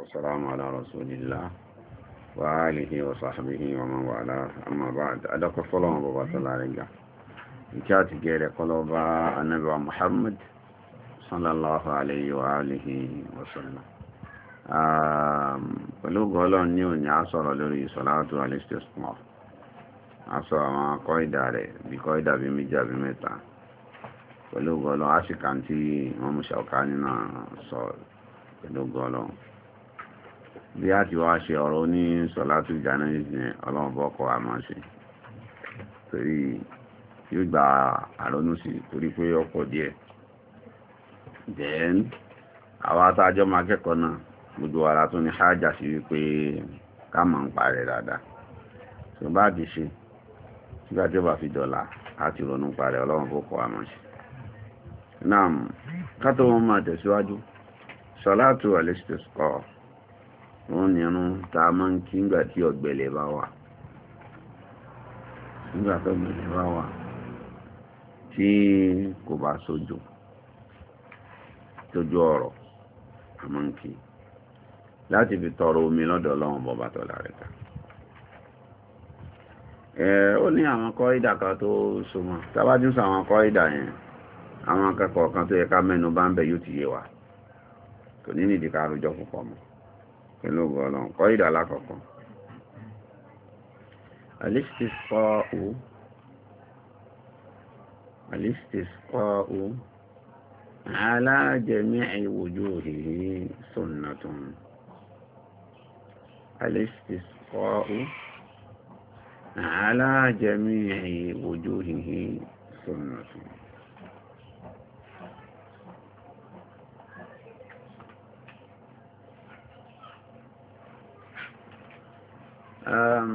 والسلام على رسول الله وآله وصحبه ومن والاه أما بعد أدق الصلاة وبركاته عليك ìkíyàtì gẹ̀rẹ̀ kọlọba anábíwa muhammad sallallahu alayhi wa alihi wa sallam pẹ̀lú gọ́ọ̀lọ́ ní òní a sọ̀rọ̀ lórí salatu alistismar a sọ àwọn kọ́ìdà rẹ̀ bí kọ́ìdà bí méjì àbí mẹ́ta pẹ̀lú gọ́ọ̀lọ́ a pẹ̀lú gọ́ọ̀lọ́ bí a ti wá ṣe ọ̀rọ̀ ní sọ̀látù jánásì ní ọlọ́run bọ́kọ̀ àmọ́ ṣe torí yóò gba àrọ́nú sí torí pé ọ̀pọ̀ díẹ̀ then àwọn atájọ́ máa kẹ́kọ̀ọ́ náà gbogbo ara tó ní hájà sí wípé ká mọ̀ ń parẹ́ dáadáa tó bá ti ṣe nígbà tí ó bá fi dọ̀la á ti ronú parẹ́ ọlọ́run bọ́kọ̀ àmọ́ ṣe náà ká tó wọn máa tẹ̀síwájú sọ̀látù al-istisqa wọ́n ní irun tá a máa ń kí nígbà tí ọ̀gbẹ̀lẹ̀ bá wà nígbà tó bá wà tí kò bá tójú ọ̀rọ̀ a láti fi tọrọ omi lọ́dọ̀ ọlọ́run bọ́ba tó lára ká ó ní àwọn ìdà kan tó súnmọ́ tábájú sọ àwọn ìdà yẹn àwọn akẹ́kọ̀ọ́ kan tó yẹ ká mẹ́nu bá ń ti yé wa kò ní ká rojọ́ púpọ̀ pẹ̀lú ọlọ́run kọ́ ìdà alákọ̀ọ́kọ́ alistisqa'u alistisqa'u ala jami'i wujuhihi sunnatun alistisqa'u ala jami'i wujuhihi sunnatun Ehm,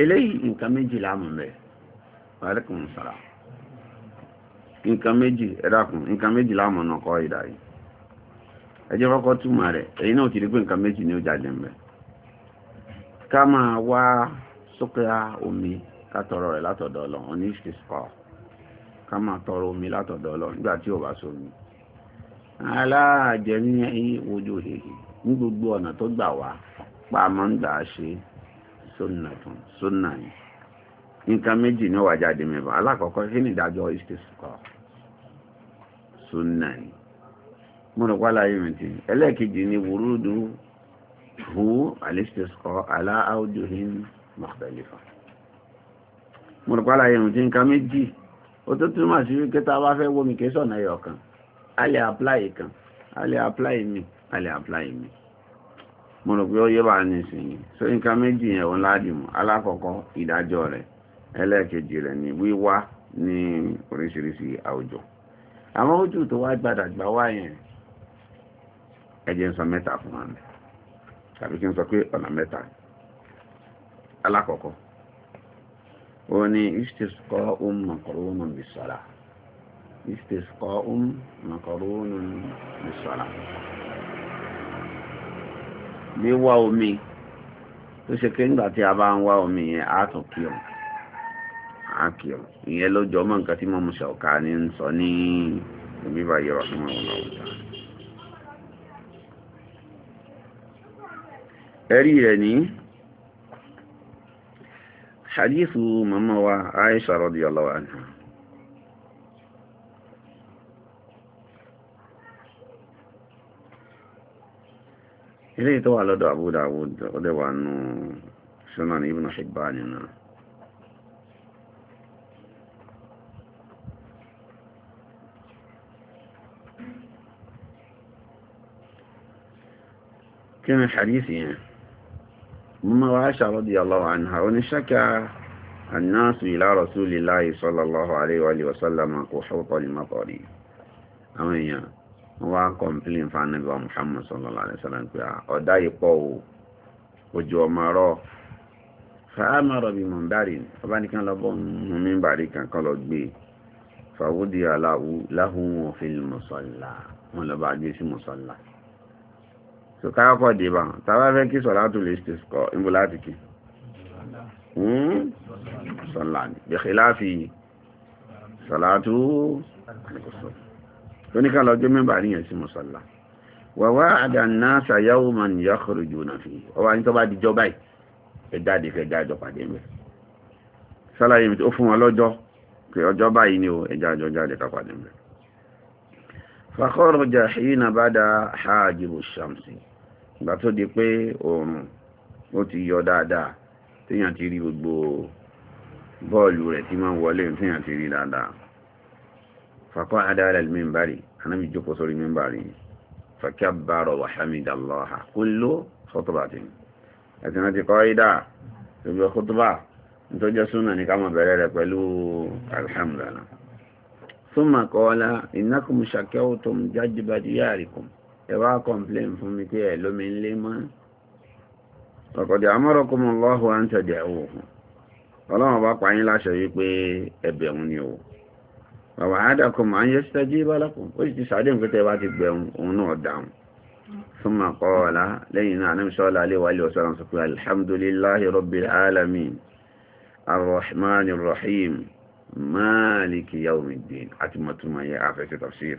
eléyìí nǹkan méjì láàmù mẹ́ wàlẹ́kùn sára nǹkan méjì ẹ̀dàkùn nǹkan méjì láàmù ọ̀nà kọ́ ìdá yìí ẹjẹ́ kọ́kọ́ túmọ̀ rẹ̀ èyí náà ti rí pé nǹkan méjì ni ó jáde mẹ́ ká máa wá sókèá omi ká tọrọ rẹ̀ látọ̀dọ̀ Ọlọ́run ní ìṣèṣpọ̀ ká máa tọrọ omi látọ̀dọ̀ Ọlọ́run nígbà tí ò bá sómi aláàjẹ ní ojú òhèhè gbogbo ọ̀nà tó sunna tún sunna yìí nǹkan méjì ní wàá jáde mẹ́fà alákọ̀ọ́kọ́ kí ni ìdájọ́ istisqa sunna yìí mo rò pálá yìí mìtì ẹlẹ́ẹ̀kejì ni wurudu hu al-istisqa ala awjuhin mukhtalifa mo rò nǹkan méjì ó tó túmọ̀ sí wípé tá a bá fẹ́ wọ́n mi kì í sọ̀nà ẹ̀yọ̀ kan a lè apply kan a lè apply mi a lè apply mi. mo rò pé ó yé bá so méjì yẹn òun ládìmú alákọ̀ọ́kọ́ ìdájọ́ rẹ̀ ẹlẹ́ẹ̀kejì rẹ̀ ni wíwá ní oríṣiríṣi àwùjọ àwọn ojú tó wá gbàdàgbà wá yẹn ẹ jẹ́ sọ mẹ́ta fún wa tàbí kí n sọ pé ọ̀nà mẹ́ta alákọ̀ọ́kọ́ ni ní wá omi tó ṣe pé nígbà tí a bá ń wá omi yẹn á tún kí ọ á kí ọ ìyẹn ló jọ mọ́ nǹkan tí mo mú ṣọ̀ká ní ń sọ ní omi báyìí wà fún àwọn ọ̀tá. ẹ̀rí rẹ̀ ní hadithu mama wa Aisha radiyallahu anha إليه توا لدى أبو داود قدوا أنه سنان ابن حبان كان الحديث يعني مما وعشى رضي الله عنها ونشكى الناس إلى رسول الله صلى الله عليه وآله وسلم قحوط المطاري أمين يا wọ́n wá kọ̀m̀pílìn fánàbíwá Muhammad sallallahu alaihi wasallam pé ọ̀dá ìpọ̀ o ojú ọmọ rọ fàámọ̀rọ̀ bí mọ̀ ń bàrí ọba nìkan lọ́bọ̀ mú mi bàrí kankan lọ gbé fàwúdí aláwú láhùn òfin mùsọ̀lá wọn lọ́ba gbé sí mùsọ̀lá tó káyọ̀kọ̀ dé bá tàbá fẹ́ kí sọ̀lá tó lè ṣe kọ́ ìbò láti kí sọ̀lá ní láfi sọ̀lá tó oníkàlọ́ ọjọ́ mẹ́bà ríyàn sí mọ́sálà wàwá àdànà sàyáwó ma ní yàkọ̀rọ̀ jù náà fi ọwá ní tọ́bá di jọba ẹ̀dáde kẹjá àjọ pàdé mẹ́ sálàyé mi tó fún wọn lọ́jọ́ pé ọjọ́ báyìí ni ó ẹjá àjọ jáde ká pàdé mẹ́ fàkọ́rọ̀ jà hìnà bá da haajibu shamsi ìgbà tó di pé oòrùn ó ti yọ dáadáa téèyàn ti rí gbogbo bọ́ọ̀lù rẹ̀ tí máa wọlé téèyàn ti rí dáadáa فقعد على المنبر أنا بيجوكو سوري منبر فكبر وحمد الله كل خطبة أتنا قاعدة تبقى خطبة انتو جسونا نكام بريرك ولو الحمد لله ثم قال إنكم شكوتم ججب دياركم إذا كومبلين فمتي لمن لما فقد أمركم الله أن تدعوه ọlọ́run bá pààyín láṣẹ wípé ẹbẹ̀ òun ni ó bàbá àádàkùn máa ń yẹ sítájí ìbálàkùn ó sì ti sàádé nǹkan tẹ́ bá ti gbẹ̀rún òun náà dáhùn fún màkọ́ọ̀lá lẹ́yìn náà anábì sọ́ọ́lá alẹ́ wàlẹ́ ọ̀sán sọ pé alhamdulillahi rabbil alamin arrahman arrahim maliki yawmiddin àti mọ̀túnmọ̀ yẹ afẹ́sẹ̀ tafsir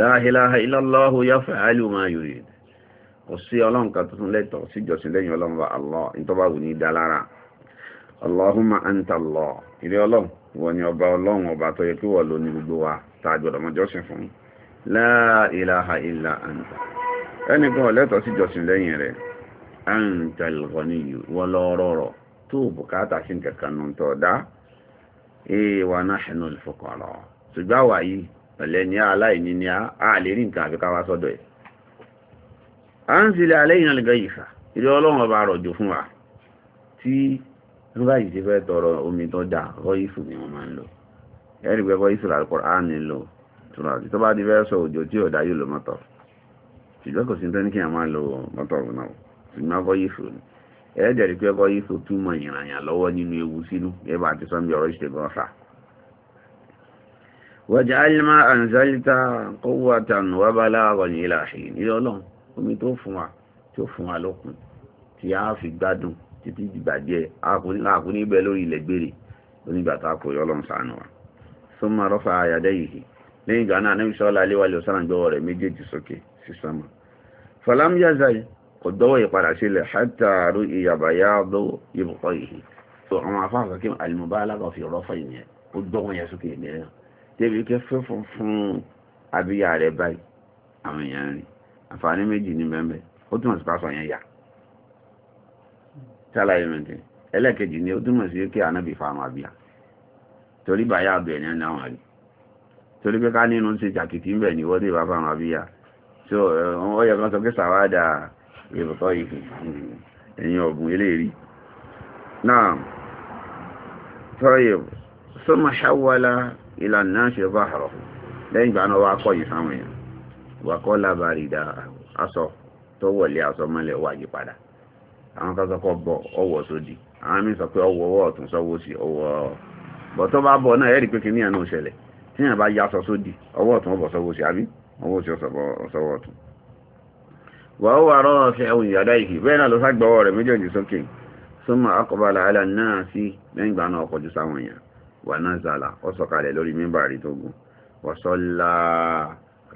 la ilaha illallahu yaf'alu ma yurid kò sí ọlọ́run kan tuntun wọ́n ni ọba ọlọ́run ọba tó yẹ kí wọ́n lò ní gbogbo wa mọ́ jọ́sìn fún láàrínláha ilaha illa anta ọ̀lẹ́tọ̀ sí jọ́sìn lẹ́yìn rẹ̀ anta al-ghaniyyu wọ́n lọ rọrọ̀ tó bùkátà sí kankan nù tọ́ dá ee wa ṣùgbọ́n àwa yìí ọ̀lẹ́ni aláìní ni a lè rí nǹkan sọ́dọ̀ ẹ̀ ilé ọlọ́run ọba rọ̀jò fún wa tí tí wọ́n báyìí ṣe fẹ́ tọrọ omi tó dà vọ́ìsù ni wọ́n máa ń lò ẹ̀rí pé vọ́ìsù làlùkùránì lò tùrọ̀ àti tó bá di fẹ́ sọ òjò tí ọ̀dà yóò lò mọ́tọ̀ ṣùgbọ́n kò sí tó ní kí a máa lo mọ́tọ̀ náà ṣùgbọ́n vọ́ìsù ni ẹ̀ẹ́dẹ̀ rí pé vọ́ìsù túmọ̀ ìrànyàn lọ́wọ́ nínú ewu sínú ẹ bá ti sọ́nbi ọ̀rọ̀ ìṣègùn ọ̀sà wọ́jà alìmá àǹzálítà kọwàtàn wà bá láàrọ̀ ní ìlàṣì ní ọlọ́run omi tó fún wa tó fún wa lókun tí a fi gbádùn títí dìgbàjẹ́ àkúní bẹ lórí ilẹ̀ gbére onígbà tá a kò yọ ọlọ́run sànù wa súnmọ́ rọ́fà àyàdẹ́ yìí lẹ́yìn ìgbà náà níbi sọ́ọ́lá aléwálé ọ̀sán gbọ́wọ́ rẹ̀ méjèèjì sókè sí sánmà fọlámúyàzáyì kò dọ́wọ́ ìpadà sílẹ̀ hátàrú ìyàbàyà ọdọ́ ìbùkọ́ yìí tó àwọn afáàfà kí alìmọ̀bá alága fi rọ́fà ìyẹn ó dọ́wọ́ yẹn sókè ìmẹ́rin débi kẹ́ fẹ́ fún fún ṣàlàyé mẹ́tẹ́ ẹlẹ́ẹ̀kejì ni ó túmọ̀ sí pé ànábì fáwọn àbíyà torí bàyá àbẹ̀ ní ọ̀nà àwọn àrí torí pé ká nínú ṣe jàkìtì ń bẹ̀ ní wọ́dé bá fáwọn àbíyà so ó yẹ kan sọ pé sàwádà ìbùkọ́ ìkù ẹ̀yìn ọ̀gùn eléèrí náà tọ́yẹ̀ sọ́mọ ṣáwọ́lá ìlànà ṣe bá àrọ̀ lẹ́yìn ìgbà náà wá kọ̀yìn sáwọn èèyàn wà kọ́ lábàrìdà aṣọ tó wọlé aṣọ mọ́lẹ̀ wáyé padà àwọn kan sọ pé ọbọ ọwọ́ sódì àwọn míì sọ pé ọwọ́ ọwọ́ ọ̀tún sọ́wọ́ sí ọwọ́ bọ̀ tó bá bọ̀ náà ẹ̀rí pé kìnìyàn náà ṣẹlẹ̀ tí yàn bá yasọ sódì ọwọ́ ọ̀tún ọbọ̀ sọ́wọ́ sí àbí ọwọ́ sí ọsọwọ́ ọ̀tún. wà ó wà rọ́ọ̀ ṣe ẹ̀hùn ìyàdá ìhì bẹ́ẹ̀ náà ló ságbọ́wọ́ rẹ̀ méjèèjì sókè súnmọ́ akọ̀bàlà àlà náà sí lẹ́yìngbà náà ọkọ̀ ju sáwọn èèyàn wà náà zàlà ó sọ̀kalẹ̀ lórí mímbàrí tó gùn wọ́sọ́lá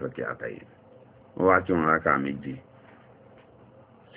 rọ̀kẹ́ àtàyè wọ́n wá tí ra ká méjì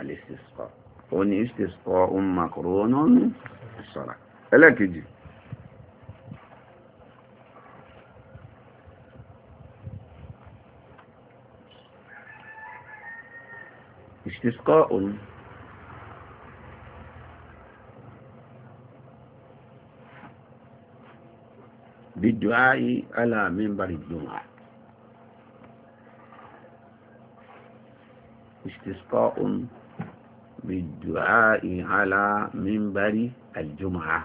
al-istisqa ó ní istisqa um maqrunun as-salah ẹlẹ́kejì istisqa òun بالدعاء على منبر الجمعة استسقاء بالدعاء على منبر الجمعة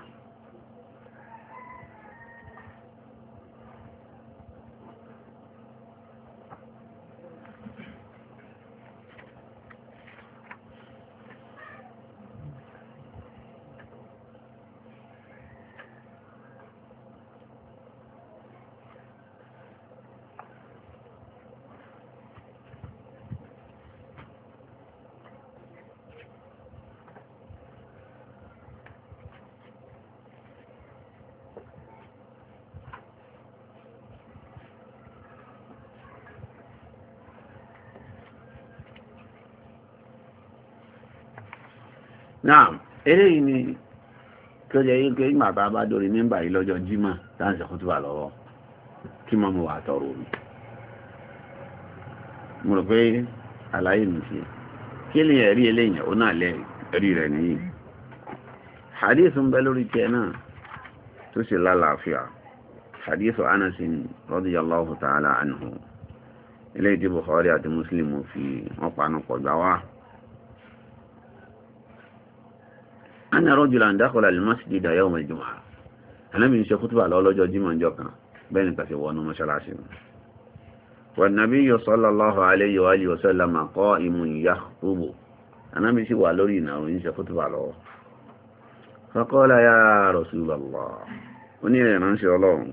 náà eléyìí ni tó jẹ́ yín pé ìgbà bá bá dórí nígbà yìí lọ́jọ́ jímọ̀ láti lọ́wọ́ kí mọ́ mo wà tọrọ omi mo rò pé àlàyé mi sí kí lè rí eléyìí ó náà rẹ̀ nìyí hadith ń bẹ lórí tiẹ̀ náà tó ta'ala Bukhari àti fi wọ́n panu anna rajulan dakhala al-masjid yawm al-jum'ah anábì ń ṣe kútùbà lọ́lọ́jọ́ jímọ̀ ìjọ kan bẹ́ẹ̀ ni kàṣẹ wọnú mọ́ṣáláṣí wọn nabiyyu sallallahu alayhi wa alihi wa sallam qa'imun yakhutubu anábì sì wà lórí ìnáwó ń ṣe kútùbà lọ́wọ́ faqala ya rasulallah ó ní ìrìnàṣẹ́ ọlọ́run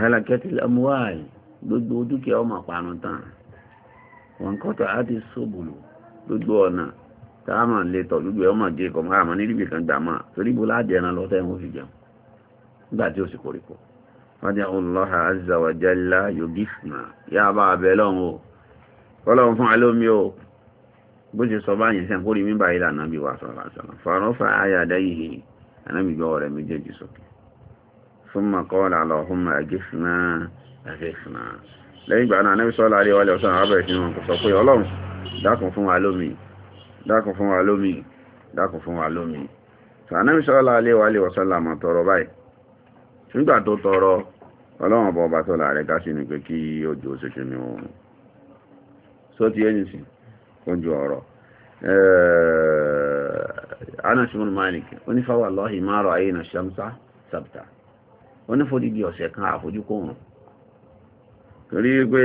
halakatil amwal gbogbo dúkìá ọmọ àparun tán wọn kọ́tà á ti sóbùlù gbogbo ọ̀nà káàmà lè tọ̀ lúgbẹ̀ẹ́ ọmọ jẹ́ kọ̀ máa mọ̀ nílùú ìkan gbà máa torí bó láàjẹ́ ẹran lọ tẹ́wọ̀n fi jẹun nígbà tí ó sì koríko fájá ọlọ́ha azza wa jalla yogifna yá bá abẹ́ lọ́hùn o kọ́lọ́hùn fún alómi o bó ṣe sọ báyìí sẹ́n kórìí mímbà ilà nàbí wa sọ̀rọ̀ àṣàlọ̀ fàrọ́fà ayà dáyìí anábì gbọ́ ọ̀rẹ́ méjèèjì sókè fún makọ́ọ̀lá lọ́hùn àgífìnà àgífìnà lẹ́yìn dákùn fún wa lómi dákùn fún wa lómi sànàbí sọ́lá aléwàlé wọ́sọ́lá ma tọrọ báyìí nígbà tó tọrọ ọlọ́wọ̀n bọ́ bá tọ́lá rẹ̀ ká sí ni pé kí òjò òṣèké ni òun só ti ẹni sí ọrọ ọ̀rọ̀ eh, anasimun malik onífàwà lọ́hìn márọ̀ ayé na ṣamsa sabta onífòdìdí ọ̀sẹ̀ kan àfojúkòrùn torí pé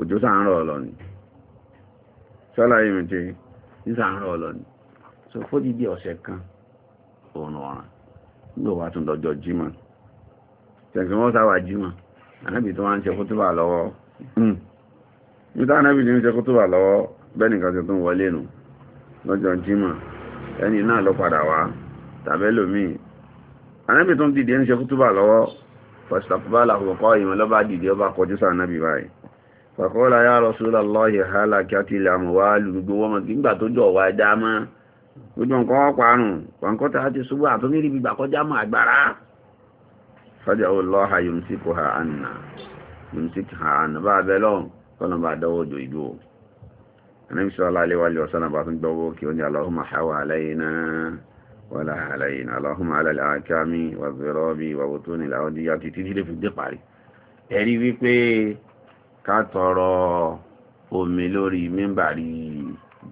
òjò sáà ń rọ̀ lọ ni sọ́lá yìí mi ti sísàárọ̀ ọlọ́ni so fódìdí ọ̀sẹ̀ kan òun ọ̀ràn ló wà tún lọ́jọ́ jímọ̀ tẹ̀sí wọ́n sáwà jímọ̀ ànábì tó wá ń ṣe kútúbà lọ́wọ́ hmm. níta ànábì tó ń ṣe kútúbà lọ́wọ́ bẹ́ẹ̀ nìkan tó tún wọlé nù lọ́jọ́ jímọ̀ ẹni náà ló padà wá tàbẹ́ lòmíì ànábì tó ń dìde ń ṣe kútúbà lọ́wọ́ pọ̀sítàpọ̀ bá làkùnkọ́ ìmọ̀ lọ́ba dìde ọba kọjú sáà ànábì báyìí fàkọ́lá yá Rasulullahi halakatil amwal gbogbo wọn mọ̀ nígbà tó jọ wà dá mọ́ gbogbo nǹkan wọ́n parun kọ̀ǹkọ́ta ti ṣubú àtúnmírí gbígbà kọjá mọ́ àgbàrá fàjáwò lọ́ha yomsíkò ha ànà yomsíkò ha ànà bá abẹ́ lọ́n kọ́nà bá dọ́wọ́ jò ìdú o anábi sọ́lá aléwàlẹ̀ ọ̀sánà bá tún gbọ́wọ́ kí ó ní aláhùmá hawa aláyìnà wàlá aláyìnà aláhùmá alálẹ̀ àkámi wàzẹ̀rọ́bì wàwótónìlà ọdíyà títí ká tọrọ omi lórí mímbàrí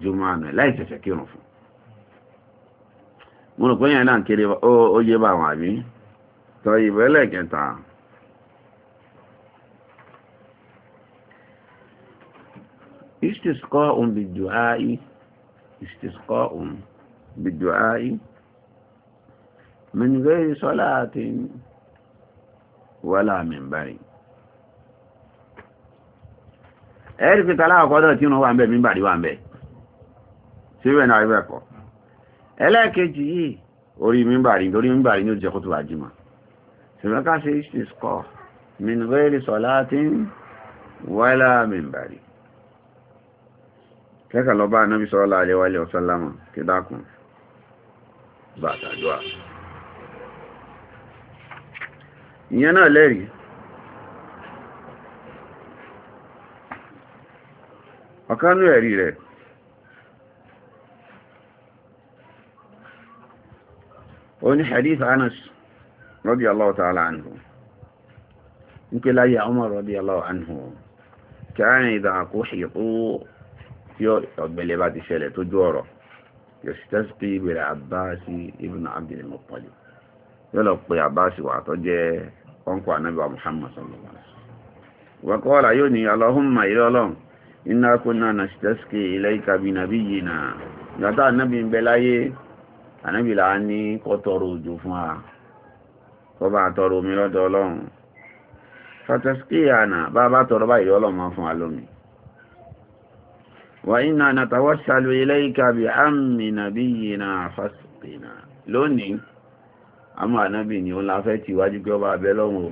jùmọ̀ àná láì ṣẹ̀ṣẹ̀ kírun fún mo rò pé yẹn náà kéré ó yé bá àwọn àbí tọ ìbẹ́lẹ̀ kẹta istisqa'un bid-du'a'i istisqa'un bid-du'a'i min ghayri salatin wala min bari ẹ̀rí pé tàlá àkọ́dọ̀ tí wọ́n wà ń bẹ̀ mímbàrí wà ń bẹ̀ síbẹ̀ náà rí bẹ̀kọ́ ẹlẹ́ẹ̀kejì yìí orí mímbàrí torí mímbàrí ní òjẹ́ kótó àjímọ̀ ṣùgbọ́n ká ṣe ìṣìṣkọ́ mìnúrẹ́rì sọ̀lá tí ń wáìlà mímbàrí kẹ́kà lọ bá anábì sọ́ọ́lá àlẹ́wálẹ̀ ọ̀sọ́lámà kídákùn bàtàdúà ìyẹn náà lẹ́rìí ọ̀kan ní ẹ̀rí rẹ̀ ó ní hadith Anas radiyallahu ta'ala anhu nke pè láyé Umar radiyallahu anhu kàárín ìdàkó ṣìkú yọ ọ̀gbẹ̀lẹ̀ bá ti ṣẹlẹ̀ tó jú ọ̀rọ̀ yọ̀sítẹ́sítì ìbẹ̀rẹ̀ àbáṣí ibn Abdul Muttalib yóò lọ pé àbáṣí wà tó jẹ́ ọ̀nkọ̀ anábíwá Muhammad sallallahu alaihi wasallam wọ́n kọ́ ọ̀la Allahumma iná kúnná na ṣìtẹ́sìkè ilẹ̀ ìkàbí nàbí yìí na ìgbàtà ànábì ń bẹ láyé ànábì là á ní kó tọrọ òjò fún wa kó bá tọrọ omi lọ́dọ̀ ọlọ́run fàtẹ́sìkè àná bá bá tọrọ báyìí ọlọ́run máa fún wa lómi wà iná nàtàwọ́ ṣàlù ilẹ̀ ìkàbí àmì nàbí yìí na fàṣìkè na lónìí àmọ́ ànábì ni ó la fẹ́ ti wájú pé ọba abẹ́ lọ́run o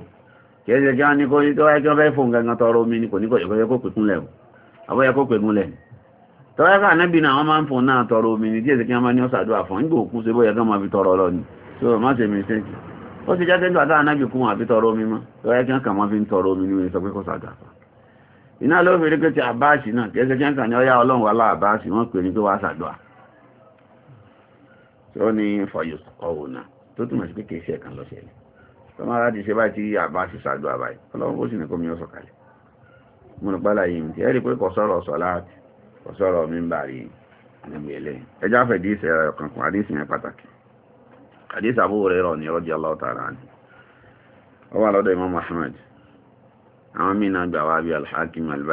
kì í ṣe kí wọ́n ní kó ní tó wáyé kí wọ́n fẹ́ fún gangan tọrọ omi ni kò ní kò yẹ kó pè kúnlẹ̀ àbọ̀yẹ kó pè gúnlẹ̀ tọ́wọ́ká anábì náà wọ́n máa ń fún náà tọrọ omi ní díẹ̀ sí kí wọ́n máa ní ọ̀sàdúrà fún nígbò sí bóyá kán máa fi tọrọ lọ ni so má ṣe mistake ó ti jáde nígbà táwọn anábì kú wọn àfi tọrọ omi mọ́ tọ́wọ́ kí wọ́n kàn máa fi ń tọrọ omi ní ìwé sọ pé kó sàdà fà iná ló fi rékété àbáàsì náà kí ẹsẹ̀ kí wọ́n kàn ní ọyá ọlọ́run wà láàbáàsì wọ́n pè múnupálá yìí mi ẹ̀rí pé kò sọ̀rọ̀ sọ̀láàtì kò sọ̀rọ̀ mímbà rí níbi ẹlẹ́ ẹjá fẹ̀ dí ìṣẹ̀ ọ̀kankun àdíṣì yẹn pàtàkì àdíṣì àbúrò rẹ̀ rọ̀ ní ọjọ́ aláwọ̀tara ni ó wà lọ́dọ̀ Imam Ahmad àwọn mìíràn gbà wá bí alhakim àti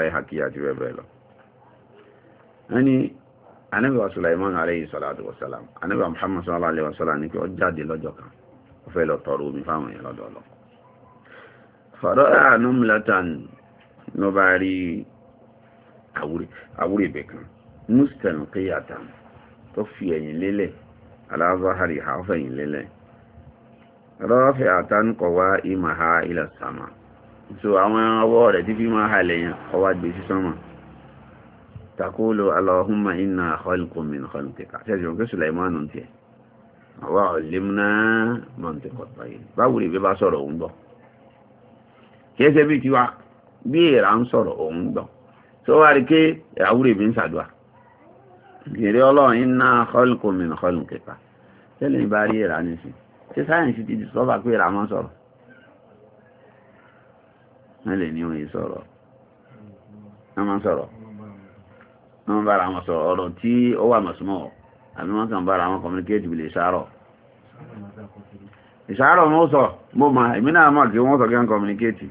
bẹ́ẹ̀ salatu wa Muhammad sallallahu alayhi ni pé ó jáde kan ó fẹ́ lọ tọrọ omi fáwọn èèyàn lọ́dọ̀ lọ àánú ní ọba rí àwúrẹ̀bẹ̀ kan mustan kíyàtà tó fi ẹ̀yìn lélẹ̀ aláàbáhàrí àfẹ̀yìn lélẹ̀ rọ́fẹ̀ àtànkọ̀wá ìmàha ilẹ̀ sàmà so àwọn ọwọ́ rẹ̀ tí fi máa halẹ̀ yẹn ọwá gbé sí sánmà takolo allahumma inna khalqun min khalqika tẹ́jọ kí sulaimanu tiẹ̀ àwa ọ̀lẹ́múná mọ̀ntẹ́kọ̀tọ̀ yìí báwo lè bá sọ̀rọ̀ òun bọ̀ kí ẹ bí èèrà ń sọ̀rọ̀ òun gbọ̀n tó wá rí pé àwúrẹ̀ mi ń ṣàdúrà èrè ọlọ́run iná kọ́lùkù mi nà kọ́lùkù kẹta tẹ́lẹ̀ ń bá rí èèrà nísìn ṣé sáyẹ̀nsì ti di sọ́ba pé èèrà máa ń sọ̀rọ̀ mẹ́lẹ̀ ni wọ́n yìí sọ̀rọ̀ wọ́n máa ń sọ̀rọ̀ wọ́n bára wọn sọ̀rọ̀ ọ̀rọ̀ tí ó wà mọ̀sùmọ̀ àbí wọ́n kàn bára wọn communicate with ìṣàrọ̀ ìṣàrọ̀ wọn sọ mo mọ̀ èmi náà mọ̀ kí wọ́n sọ kí wọ́n communicate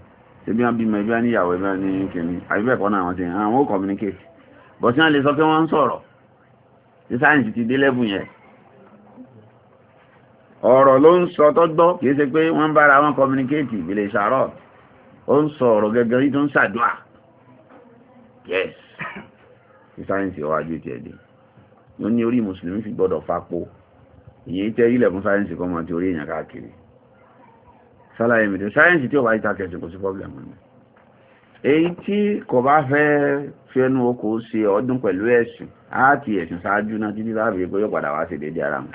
ṣebí wọn bímọ ẹbí wọn níyàwó ẹbí wọn ní kìíní àbí bẹ́ẹ̀ kọ́ náà wọ́n ti hàn àwọn ó communicate bọ́sí wọn lè sọ pé wọ́n ń sọ̀rọ̀ tí sáyẹ̀nsì ti dé lẹ́bùn yẹn ọ̀rọ̀ ló ń sọ tó gbọ́ kìí ṣe pé wọ́n bára wọn communicate ìbílẹ̀ ìṣàrọ̀ ó ń sọ ọ̀rọ̀ gẹ́gẹ́ rí tó ń ṣàdúà yes tí sáyẹ̀nsì ọwọ́ ajé tiẹ̀ dé ló ní orí mùsùlùmí fi gbọ́dọ̀ fapò ìyẹn tẹ́rí ilẹ̀ fún sáyẹ̀nsì kọ́mọ ti orí èèyàn káàkiri sálàyé mi tó sáyẹ́ǹsì tí ò bá ìtàkẹ̀ sí kò sí pọ́blẹ̀mù ni èyí tí kò bá fẹ́ fẹ́nu oko ṣe ọdún pẹ̀lú ẹ̀sìn àti ẹ̀sìn ṣáájú náà títí láàbí pé yóò padà wá ṣe déédéé ara wọn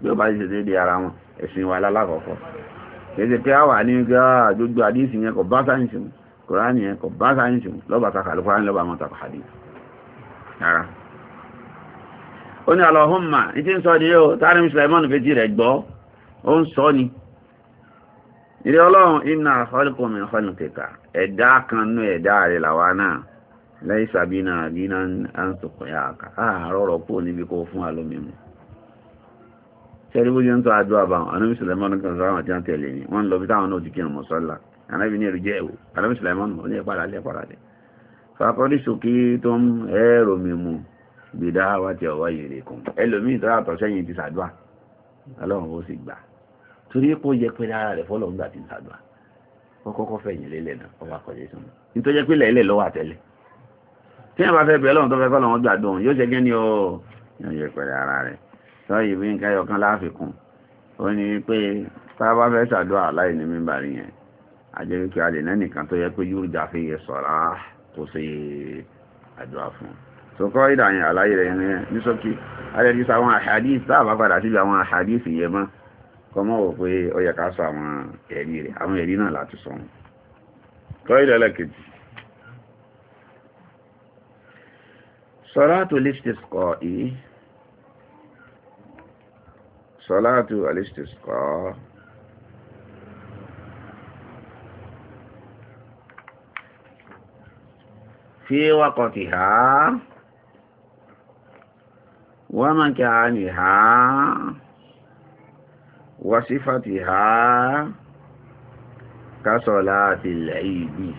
bí ó bá ṣe déédéé ara wọn ẹ̀sìn wa lálákọ̀ọ́kọ́ kẹsẹ̀ pé a wà ní ah, gbogbo àdísì yẹn kò bá sáyẹ́ǹsì mu kòránì yẹn kò bá sáyẹ́ǹsì mu lọ́ba ta kàlùkùránì lọ́ba àwọn tàkà àdísì rárá ó ní alọ́hùnmá ní tí ń sọ ní yóò tárí ilé ọlọ́run iná àfọ́lùkọ́mì ọ̀fọ́lùkẹ́kà ẹ̀dá kan nú ẹ̀dá rẹ̀ làwa náà lẹ́yìn sàbínà àbínà àǹsọ̀kọ̀yà àkà àárọ̀ rọ̀ pò níbi kó fún àlómìmù tẹ́lifù jẹ́ ń tọ́ àjọ àbáwọn anábì sùlẹ̀mọ́n kan sáwọn àti àtẹ̀lẹ̀ ni wọ́n lọ bí táwọn náà ti kí ọmọ sọ́lá anábì ní ẹ̀rù jẹ́ ẹ̀wò anábì sùlẹ̀mọ́n ní ẹ̀pàdà lẹ́ ẹ̀pàdà lẹ́ fàkọ́rí sókè tó ń ẹ̀rọ mi mu gbèdá wa ti ọ̀wá yèrè kan ẹlòmíì tó yàtọ̀ sẹ́yìn ti sàdúà ọlọ́run ó sì gbà torí pé ó yẹ pé ara rẹ̀ fọ́lọ̀ ńgbà ti sàgbà wọ́n kọ́kọ́ fẹ̀yìn lélẹ̀ náà ọba kọjá ìsúná nítorí pé lẹ́lẹ̀ lọ́wọ́ àtẹ́lẹ̀ tí wọ́n bá fẹ́ bẹ̀rẹ̀ lọ́wọ́ tó fẹ́ fọ́lọ̀ wọn gbàdùn yóò ṣe gẹ́ ni ó yẹ pé ara rẹ̀ sọ́yì bí nǹkan ẹyọkan láàfikún ó ní pé tá a bá fẹ́ ṣàdúrà láì ní mímbà rí yẹn àjẹ́ wípé a lè náà nìkan tó yẹ pé yóò fi yẹ sọ̀rọ̀ kó ṣe àdúrà fún un sọkọ́ ìdàyìn àlàyé rẹ̀ ní sọ́kí alẹ́ ti sọ àwọn àhàdíìsì tá a bá padà síbi àwọn àhàdíìsì yẹn mọ́ kọmọ́ wọ̀ pé ó yẹ ká sọ àwọn ẹ̀rí rẹ̀ àwọn ẹ̀rí náà láti sọ wọn kọ́ìdẹ̀ ẹlẹ́kejì sọ́látù listisqa yìí sọ́látù listisqa fi waqtiha wa makaniha وصفتها كصلاة العيد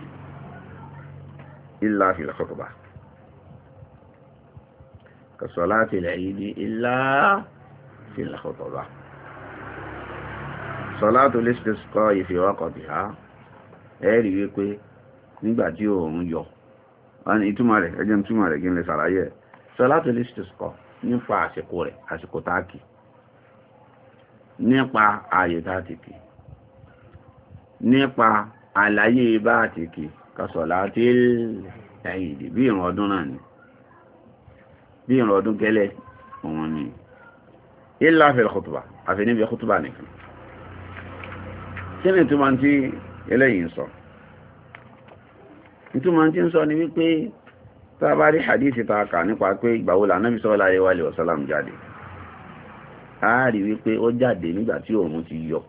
إلا في الخطبة كصلاة العيد إلا في الخطبة صلاة الاستسقاء في وقتها ẹ̀rí wípé nígbàtí òun yọ wọ́n ìtumọ̀ rẹ̀ ẹjẹ́ ìtumọ̀ rẹ̀ gínlẹ̀ sàlàyé salatul istisqa nípa àsìkò rẹ̀ àsìkò táàkì nípa ààyè tá ti kì nípa àlàyé bá ti kì kọsọ̀lá tí ẹ̀yìn ìdí bí ìrìn ọdún náà ni bí ìrìn ọdún gẹ́lẹ́ òun ni illa fil khutba àfi níbi khutba nìkan kí ni túmọ̀ tí eléyìí sọ ìtumọ̀ tí ń sọ ni wípé tá hadith ta kà nípa pé ìgbàwó lànà bí sọ́ọ́lá ayé wálé jáde a rí wípé ó jáde nígbà tí òòrùn ti yọ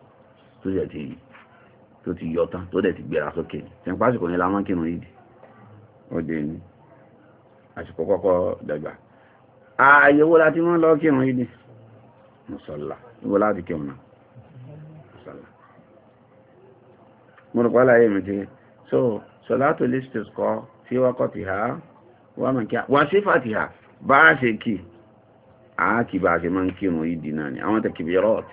tó ṣe ti tó ti yọ tán tó dẹ̀ ti gbéra sókè ní ṣe ń pásìkò yẹn lámọ́ kírun yìí dì ó dé ní àsìkò kọ́kọ́ dàgbà ààyè wo láti mọ́ lọ kírun yìí dì mùsọ̀lá wo láti kírun náà mùsọ̀lá mo rò pálá yìí mi ti so sọlátò listis kọ sí wákọ̀tì ha wà sífàtì ha bá a ṣe kì í àákìbá ṣe máa ń kírun ìdì náà ni àwọn tẹkìbìrọ́t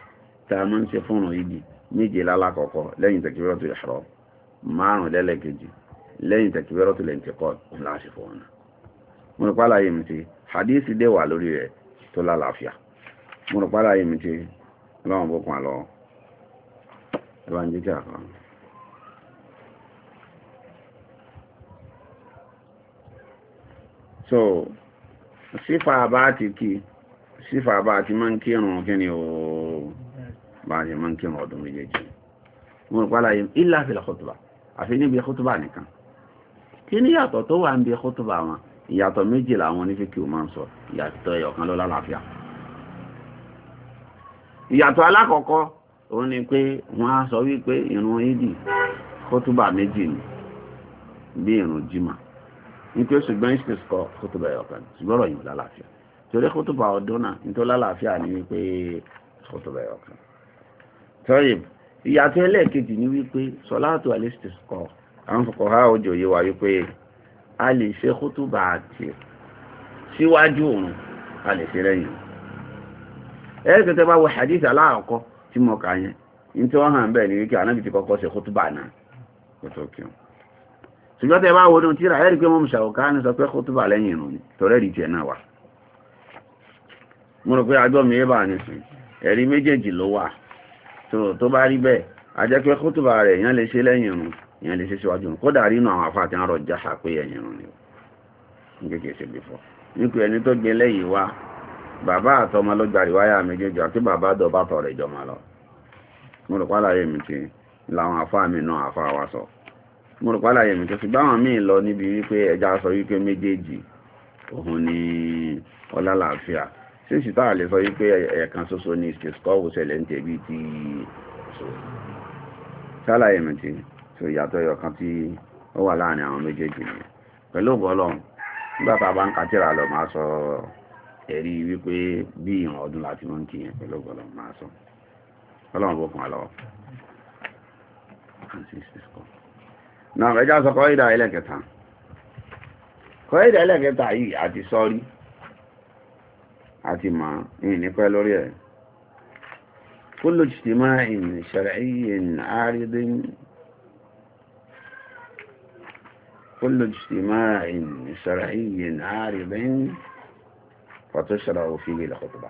tá a máa ń ṣe fúnrun ìdì méje lálákọ̀ọ́kọ́ lẹ́yìn tẹkìbìrọ́tul ihram márùn lẹ́lẹ́kejì lẹ́yìn tẹkìbìrọ́tul intiqal láṣẹ fún wọn. mo rò pálá yìí mi ti hadith dé wà lórí rẹ̀ tó lálàáfíà mo rò pálá mi ti ọlọ́run bó kan lọ ẹ so sífà bá ti kí sífà bá ti máa ń kírun kí ni ooo bá ti máa ń kírun ọdún méjèèjì mo rò pálá yìí ilá fi lọ́kọ̀tùbà àfi níbi kọ́tùbà nìkan kí ni yàtọ̀ tó wà níbi kọ́tùbà wọn ìyàtọ̀ méjì làwọn onífíkì ò máa ń sọ ìyàtọ̀ ẹ̀yọ̀kan ló lálàáfíà ìyàtọ̀ alákọ̀ọ́kọ́ òun ni pé wọ́n á sọ wípé ìrun ìdì kọ́tùbà méjì ni bí ìrun jimá ní pé ṣùgbọ́n ìṣẹ̀ṣkọ́ kọ́tùbà ẹ̀yọ̀kan ṣùgbọ́n ọ̀rọ̀ yìí lálàáfíà torí kútùbà ọdún náà nítorí lálàáfíà ní wípé kútùbà ọkàn tọ́yìn ìyàtọ̀ ẹlẹ́ẹ̀kejì ní wípé sọláàtù alẹ́sìtìsíkọ̀ àwọn fọkọ̀ ha òjò yé wa wípé a lè ṣe kútùbà àti síwájú òun a lè ṣe lẹ́yìn ẹ̀ẹ́dẹ̀kẹ́tẹ́ bá wọ hadith aláàkọ́ tí mo kà yẹn nítorí wọ́n hàn bẹ́ẹ̀ ní wípé anábì ti kọ́kọ́ ṣe kútùbà náà kótó kí wọn ṣùgbọ́n tẹ́ bá wọnú tíra ẹ̀rí pé mọ́mùsàwọ̀ ká ní sọ pé kútùbà lẹ́yìn ìrùn torẹ́rì tiẹ̀ náà wà mo rò pé ajọ́ mi yé bà nísìn ẹ̀rí méjèèjì ló wà tó bá rí bẹ́ẹ̀ ajẹ́ pé kótóbà rẹ̀ èèyàn lè ṣe lẹ́yìn irun èèyàn lè ṣe síwájú irun kódà rí inú àwọn afá àti àrọ̀ jáṣà pé ẹ̀yìn irun ni ní kéèké ṣe bí fọ́ nípa ẹni tó gbé lẹ́yìn wá bàbá àtọmọ ló gba ìwáyà méjèèjì àti bàbá dọ̀bá tọ̀ rẹ̀ jọmọ lọ mo rò mi ti làwọn afá míì lọ níbi wípé ẹja sọ wípé méjèèjì òun ni ọlálàáfíà sí ìsìtá àlè sọ wípé ẹ̀ẹ̀kan ṣoṣo ní ìsìtìsíkọ́wò ṣẹlẹ̀ ń tẹ̀bí ti ṣàlàyé mi ti tó ìyàtọ̀ ẹ̀yọ̀kan tí ó wà láàrin àwọn méjèèjì ni pẹ̀lú ọ̀gọ́lọ́ nígbà tá a bá ń kátìrà lọ máa sọ ẹ̀rí wípé bí ìrìn ọdún láti mú kí yẹn pẹ̀lú ọ̀gọ́lọ́ máa sọ ọlọ́run bó kún wa lọ́wọ́ náà ẹjá sọ kọ́ ìdá ẹlẹ́kẹta kọ́ ìdá ẹlẹ́kẹta yìí àti sọ́rí عتي ما إني قالوا كل اجتماع شرعي عارض كل اجتماع شرعي عارض فتشرع فيه الخطبة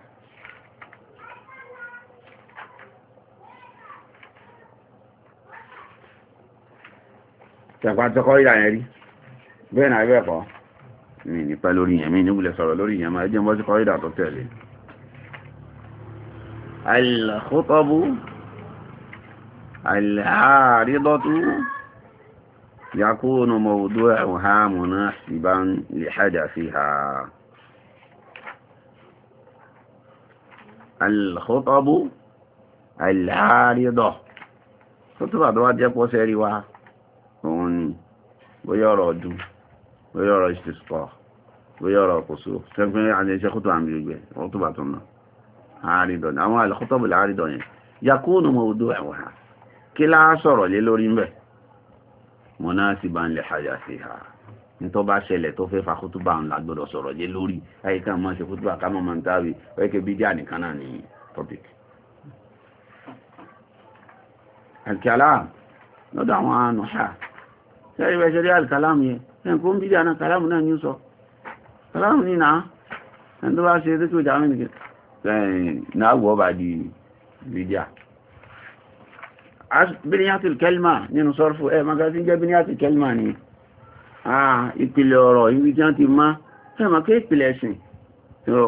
تقوى تقوى إلى عيني بين عبيقه mi nípa lórí yẹn mi níwulẹ̀ sọ̀rọ̀ lórí yẹn máa jẹ́ mọ́ sí kọ́rídà tó tẹ̀lé alìlàkótọ́bù alìhàrídọ́tú yakúnù mọ̀wùdó ẹ̀wùhá mọ̀ná síbá lè hajjá sí ha alìlàkótọ́bù alìhàrídọ́ tó tó bàdọ́wà jẹ́ pọ́sẹ̀ rí òun ni bóyá ọ̀rọ̀ ọdún lórí ọ̀rọ̀ ìṣẹ̀sọ̀ lórí ọ̀rọ̀ kòsó tẹ́gbẹ́ àti iṣẹ́ kótó àmì gbogbo ọ̀rọ̀ tó bá tó ná àárídọ̀ ni àwọn àlẹ́kọ́tọ̀bù láàrídọ̀ yẹn yakúnù mọ odó ẹ̀wọ̀n ha kí láá sọ̀rọ̀ lé lórí mbẹ̀ mo náà sì bá ń lẹ̀ ṣàyà sí ha nítọ́ bá ṣẹlẹ̀ tó fẹ́ fa kútùbà ń la gbọ́dọ̀ sọ̀rọ̀ lé ṣe kútùbà rí alkalam yẹn ẹ̀kọ́ ń bídí àná kàlámù náà ní sọ kàlámù ní náà ẹni tó bá ṣe tó tó jàmí nìkan náà wọ́ bá di bídíà bíníyàtìl kẹlmà nínú sọ́rọ̀fù ẹ magazin jẹ́ bíníyàtìl kẹlmà ni ìpìlẹ̀ ọ̀rọ̀ ibi tí wọ́n ti má ẹ ma kí ìpìlẹ̀ ẹ̀sìn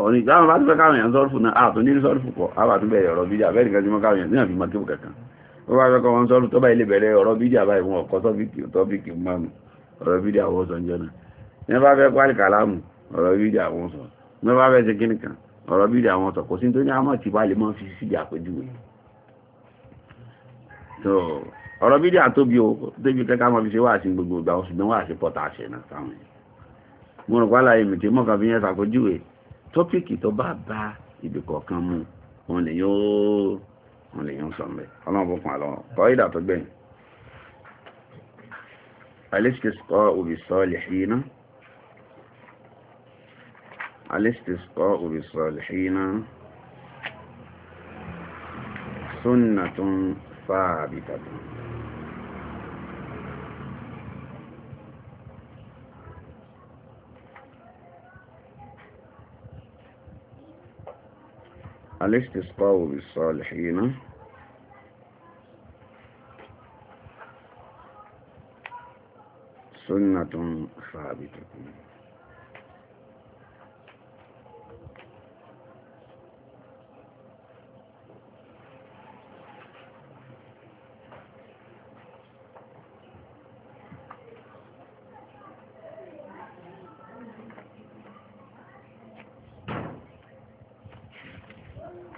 ọ̀nìyàn bá ti fẹ́ káwọn èèyàn sọ́rọ̀fù náà àtò ní sọ́rọ̀fù pọ̀ àwọn àtúbẹ̀rẹ̀ ọ̀rọ̀ bídíà bẹ́ẹ̀ nìkan tí wọ́n káwọn èèyàn sí àfi mọ́kẹ́wò kankan ó wá fẹ́ kọ́ wọn sọ́rọ̀ tó ọ̀rọ̀ bídí àwọn sọ jẹ́ náà ní bá fẹ́ pálí kàlámù ọ̀rọ̀ bídí àwọn sọ ní bá fẹ́ ṣe kíní kan ọ̀rọ̀ bídí àwọn sọ kò sí tó ní àmọ́ tí bá lè mọ́ fi sí àpèjúwe ọ̀rọ̀ bídí àtóbi o débi kẹ́kà mọ́ fi ṣe wà sí gbogbo ìgbà oṣù náà wà sí pọ̀tà àṣẹ náà táwọn yìí mo rò pálá èmi tí mọ́ kan fi yẹn ṣàpèjúwe tọ́pìkì tó bá bá ibì kọ̀ọ̀kan mu òun lè yóò òun lè yóò sọ mẹ́ ọlọ́run fún àlọ́ kọ́ ìdà tó gbẹ̀yìn الاستسقاء بالصالحين الاستسقاء بالصالحين سنة ثابتة الاستسقاء بالصالحين سنة ثابتة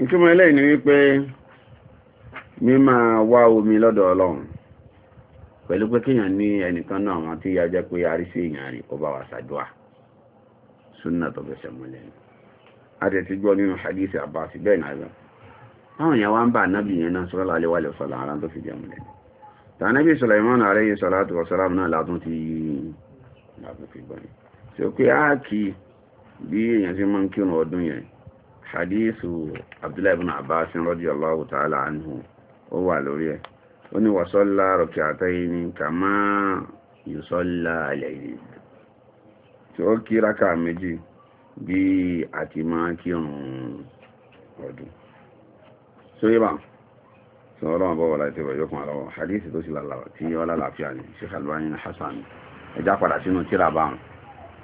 ìtumọ̀ eléyìí ni wípé mímọ̀ wá omi lọ́dọ̀ ọlọ́run pẹ̀lú pé kíyàn ní ẹnìkan náà àwọn tí yájẹ́ pé a rí sí èèyàn rí kó bá wa ṣàdúà súnà tó fẹsẹ̀ múlẹ̀ ni a ti ti gbọ́ nínú hadith Abbas bẹ́ẹ̀ náà lọ àwọn èèyàn wá ń bá anábì yẹn náà sọ́lá alẹ́ wàlẹ̀ sọ́lá ara tó fi jẹ́ múlẹ̀ ni tànábì Sulaiman alayhi salatu wa salam náà látún ti látún fi gbọ́ ni tí ó pé á kì í bí èèyàn ti máa ń kírun ọdún yẹn hadith Abdullahi ibn Abbas radiyallahu ta'ala anhu ó wà lórí ẹ̀ ó ní wàsọ́lá rọ̀kì àtẹ́yìn ní kàmá ìsọ́lá àlẹ́yìn tí ó kí rákà méjì bí àti máa kírun ọdún sóyébà tí wọ́n lọ́wọ́ bọ́wọ́ láti tẹ́wọ̀ yóò kún àlọ́wọ́ hadithi tó sì lálàwọ̀ tí ó lálàáfíà ní Sheikh Albani ní Hasan ẹjá padà sínú tíra báwọn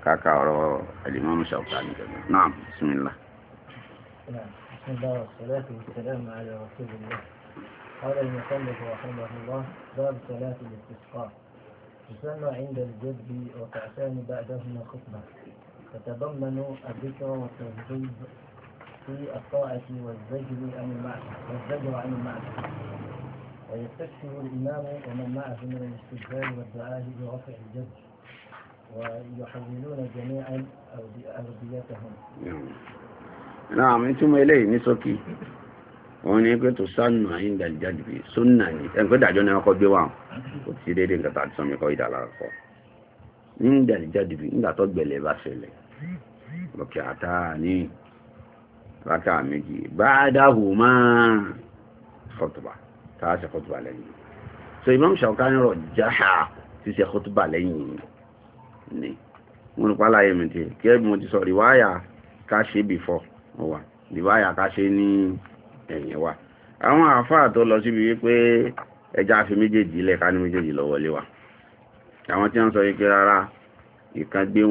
káàkà ọ̀rọ̀ Al-Imam Shawkani jẹ̀dọ̀ náà bismillah. بسم الله والصلاة والسلام على رسول الله قال المصنف رحمه الله باب صلاة الاستسقاء تسمى عند الجد وتعتان بعدهما خطبة تتضمن الذكر والتوجيه في الطاعة والزجر عن المعصية والزجر عن المعصية ويستشفع الإمام ومن معه من الاستجابة والدعاء برفع الجذب ويحولون جميعا أرضيتهم. نعم انتم اليه نسوكي wọ́n ní pé tó sánù àyíǹda ìjáde bíi súnà ní ẹnìkan ìdájọ́ ní ọkọ̀ gbé wà kò sí déédéé nǹkan tàbí sọmi kọ́ ìdàlá kọ́ nígbà ìjáde bíi nígbà tó gbẹ̀lẹ̀ bá ṣẹlẹ̀ lọ́kẹ́ àtà ní rákà méjì bá dáhù máa kọ́tùbà tá a ṣe kọ́tùbà lẹ́yìn so Imam Shawkani rọ̀ jáhà ti ṣe kọ́tùbà lẹ́yìn ni wọ́n ní pálá yẹn mi ti kí ẹ bí mo ti sọ rìwáyà ẹ̀yìn wa àwọn àfáà tó lọ síbi wípé ẹja fi méjèèjì ilẹ̀ ká ní méjèèjì lọ wọlé wa àwọn tí wọ́n sọ wípé rárá ìkan ju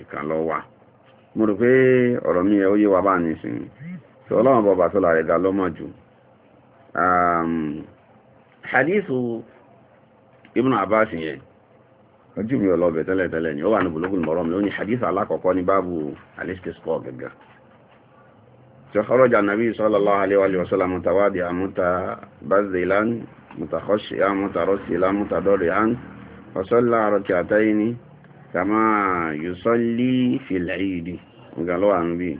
ìkan lọ wa mo rò pé ọ̀rọ̀ mi yẹ ó yé wa bá nìsín tí ọlọ́run bọ̀bà tó lára ẹ̀dá lọ́mọ jù hadithu ibn abbas yẹn ojú mi ọlọ́bẹ̀ tẹ́lẹ̀tẹ́lẹ̀ ni ó wà ní bulugul ní hadith alákọ̀ọ́kọ́ ní تخرج النبي صلى الله عليه وسلم متواضعا متبذلا متخشيا مترسلا متضرعا وصلى ركعتين كما يصلي في العيد قالوا النبي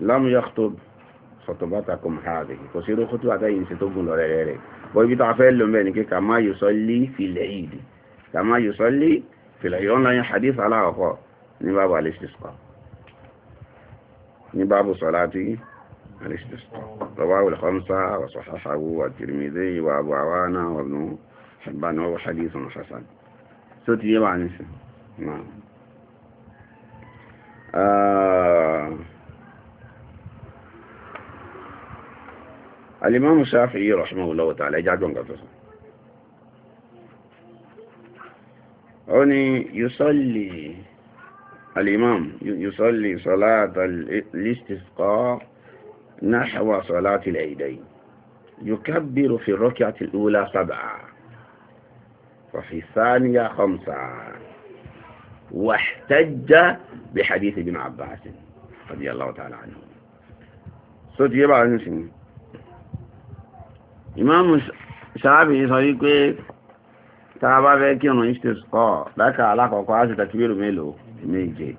لم يخطب خطبتكم هذه فسيروا خطبتين ستقول لريري ويبي تعفل لهم كما يصلي في العيد كما يصلي في العيد أنا حديث على أخوة نباب على الاستسقاء ní báàbù صلاتي الاستسقاء رواه الخمسة وصححه الترمذي وأبو عوانة وابن حبان وهو حديث حسن صوت يبع نسي نعم آه. الإمام الشافعي رحمه الله تعالى جاكم وانقفصه هوني يصلي الإمام يصلي صلاة الاستسقاء نحو صلاة العيدين يكبر في الركعة الأولى سبعة وفي الثانية خمسة واحتج بحديث ابن عباس رضي الله تعالى عنه صوت يبع نسمي إمام شعبي صحيح تابع tá انه bá fẹ́ kírun ìṣtẹ̀sùkọ́ تكبير alákọ̀ọ́kọ́ méje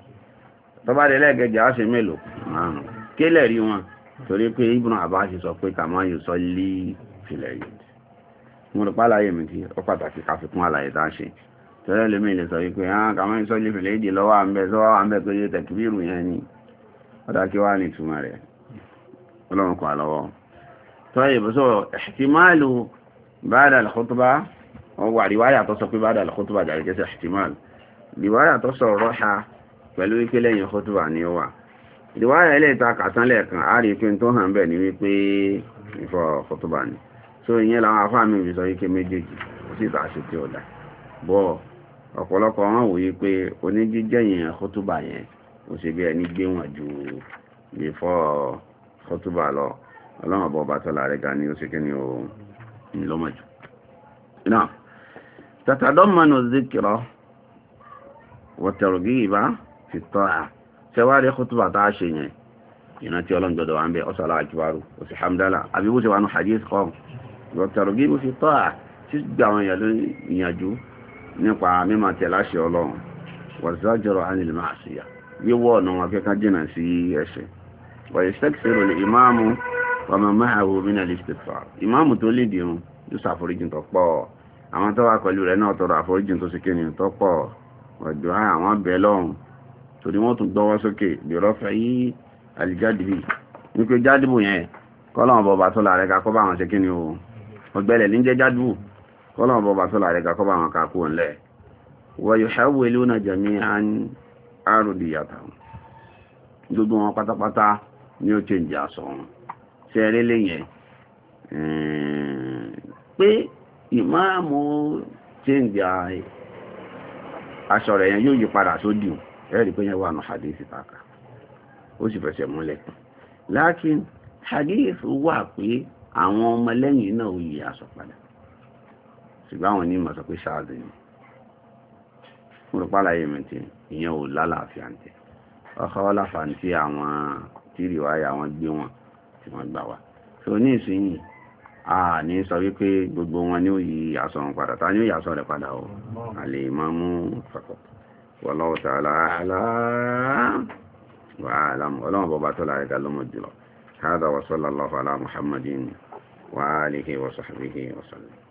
tọ́ba dé lẹ́ẹ̀kẹjẹ á ṣe mélòó márùn kélẹ̀ rí wọn torí pé ibùnà àbá ṣe sọ pé kàmá yóò sọ lé filẹ̀ yìí mo rò pa àlàyé mi ti ó pàtàkì ká fi kún àlàyé tá a ṣe tọ́lẹ́ lómi lè sọ wípé hàn kàmá yóò sọ lé filẹ̀ yìí lọ́wọ́ àmbẹ sọ́wọ́ àmbẹ pé yóò tẹ̀kíbírù yẹn ni ọ̀dà kí wàá ní ìtumọ̀ rẹ̀ ọlọ́run kọ́ àlọ́wọ́ tọ́yẹ̀ bó sọ ẹ̀ṣìtìmáàlù bá ìwáyà tó sọ̀rọ̀ rọ́ṣà pẹ̀lú wípé lẹ́yìn kótóbà ni ó wà ìwáyà ẹlẹ́ta kàtán lẹ́ẹ̀kan á rí pé tó hàn bẹ́ẹ̀ ni wípé ìfọ̀ kótóbà ni so ìyẹn tọ́lá rẹ̀ ga ni ó ṣe kí ni ó ń lọ́mọ jù. náà tàtàdọ́mọ̀nù wọ̀tẹ̀rọ̀gí ìbá fi tọ́ à ṣẹwárí kútùbà tá a ṣe yẹn iná tí ọlọ́njọ́dọ̀ wà ń bẹ ọ̀sọ̀lá àjùbárò òsì hamdala àbí bó ṣe wà nù hadith kan wọ̀tẹ̀rọ̀gí fi tọ́ à tí gbà wọn yẹn ló ìyànjú nípa mímọ̀ tẹ̀ láṣẹ ọlọ́run wọ̀tẹ̀rọ̀jọ́rọ̀ anil ma'asiya wíwọ́ ọ̀nà wọn kẹ́kẹ́ jìnà sí ẹ̀ṣẹ̀ ويستكثر الإمام ومن معه من الاستغفار إمام تولي ديون يسافر جنتو àwọn tó wà pẹ̀lú rẹ̀ náà tọrọ àforíjìn tó sì kí tó pọ̀ ọ̀dọ̀ àwọn abẹ́ lọ́rùn torí wọ́n tún gbọ́wọ́ sókè bẹ̀rọ fẹ́ yí àlìjádìbì wípé jádìbù yẹn kọ́lọ̀n bọba tó láàrẹ kakọ́ bá wọn ṣe kí ni o ọgbẹ́lẹ̀ ní jẹ́ jádìbù kọ́lọ̀n bọba tó láàrẹ kakọ́ bá wọn kakú ńlẹ̀ wọ́n yóò ṣàwó ilé ọ̀nà jẹ̀mí àrùdì yàtọ̀ gbogbo wọn pátápátá ni ó ṣe ń jà sọ wọn ṣe eré lẹ́yìn pé ìmáàmù ṣe ń jà aṣọ rẹ̀ yẹn yóò yí padà sódì o ẹ̀rí pé yẹn wà nù hadith kàkà ó sì fẹsẹ̀ múlẹ̀ lákìn hadith wà pé àwọn ọmọlẹ́yìn náà ò yí aṣọ padà ṣùgbọ́n àwọn onímọ̀ sọ pé ṣáàdì ni mo rò pàlà yìí mìtì ìyẹn ò lálàáfíà ní tẹ ọkọ ọlàfà ní tí àwọn tìrìwáyà wọn gbé wọn tí wọn gbà wá so ní ìsinyìí a ní sọ wípé gbogbo wọn ní òyì aṣọ wọn padà tá ní òyì aṣọ rẹ̀ padà o a máa mú papọ̀ wallahu ta'ala wa a'lam ọlọ́wọ́ bọ́ba tó láyé ga lọ́mọ jùlọ hada wa sallallahu ala muhammadin wa alihi wa sahbihi wa sallam